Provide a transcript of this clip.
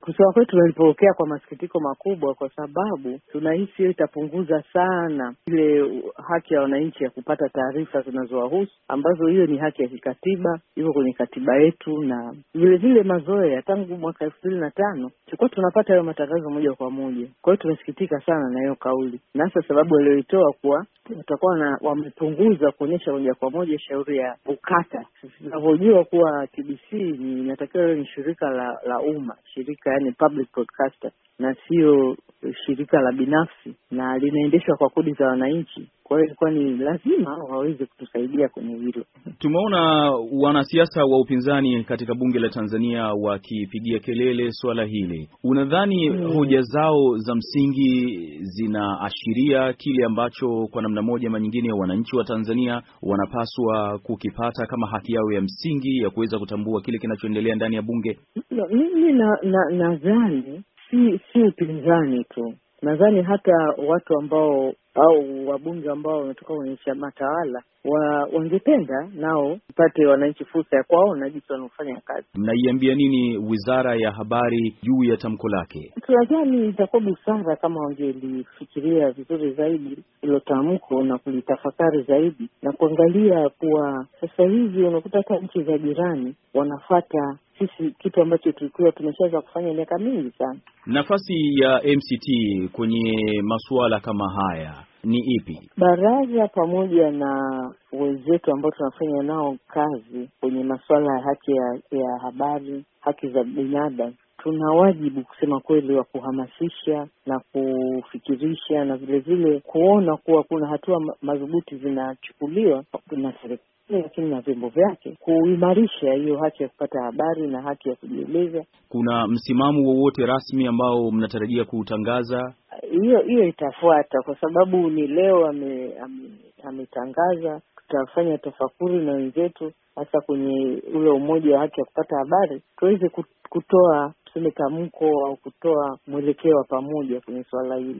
Kusema kweli tunaipokea kwa masikitiko makubwa, kwa sababu tunahisi hiyo itapunguza sana ile haki ya wananchi ya kupata taarifa zinazowahusu, ambazo hiyo ni haki ya kikatiba, iko kwenye katiba yetu. Na vilevile mazoea, tangu mwaka elfu mbili na tano tulikuwa tunapata hayo matangazo moja kwa moja. Kwa hiyo tumesikitika sana na hiyo kauli, na hasa sababu aliyoitoa kuwa watakuwa na wamepunguza kuonyesha moja kwa moja shauri ya ukata. Unavyojua kuwa TBC ni inatakiwa ni shirika la la umma, shirika yani public broadcaster, na sio shirika la binafsi, na linaendeshwa kwa kodi za wananchi. Kwa hiyo ilikuwa ni lazima waweze kutusaidia kwenye hilo. Tumeona wanasiasa wa upinzani katika bunge la Tanzania wakipigia kelele swala hili. Unadhani hmm, hoja zao za msingi zinaashiria kile ambacho kwa namna moja ama nyingine wananchi wa Tanzania wanapaswa kukipata kama haki yao ya msingi ya kuweza kutambua kile kinachoendelea ndani ya bunge? Mimi nadhani na, na, na, si si upinzani tu Nadhani hata watu ambao au wabunge ambao wametoka kwenye chama tawala wa wangependa nao upate wananchi fursa ya kuwaona jinsi wanaofanya kazi. Mnaiambia nini wizara ya habari juu ya tamko lake? Tunadhani itakuwa busara kama wangelifikiria vizuri zaidi hilo tamko na kulitafakari zaidi na kuangalia kuwa sasa hivi unakuta hata nchi za jirani wanafata sisi kitu ambacho tulikuwa tumeshaweza kufanya miaka mingi sana. Nafasi ya MCT kwenye masuala kama haya ni ipi? Baraza pamoja na wenzetu ambao tunafanya nao kazi kwenye masuala ya haki ya, ya habari, haki za binadamu tuna wajibu kusema kweli wa kuhamasisha na kufikirisha na vilevile kuona kuwa kuna hatua madhubuti zinachukuliwa na serikali lakini na vyombo vyake kuimarisha hiyo haki ya kupata habari na haki ya kujieleza. Kuna msimamo wowote rasmi ambao mnatarajia kuutangaza? Hiyo hiyo itafuata, kwa sababu ni leo ametangaza, tutafanya tafakuri na wenzetu, hasa kwenye ule umoja wa haki ya kupata habari, tuweze kutoa tuseme tamko au kutoa mwelekeo wa pamoja kwenye suala hili.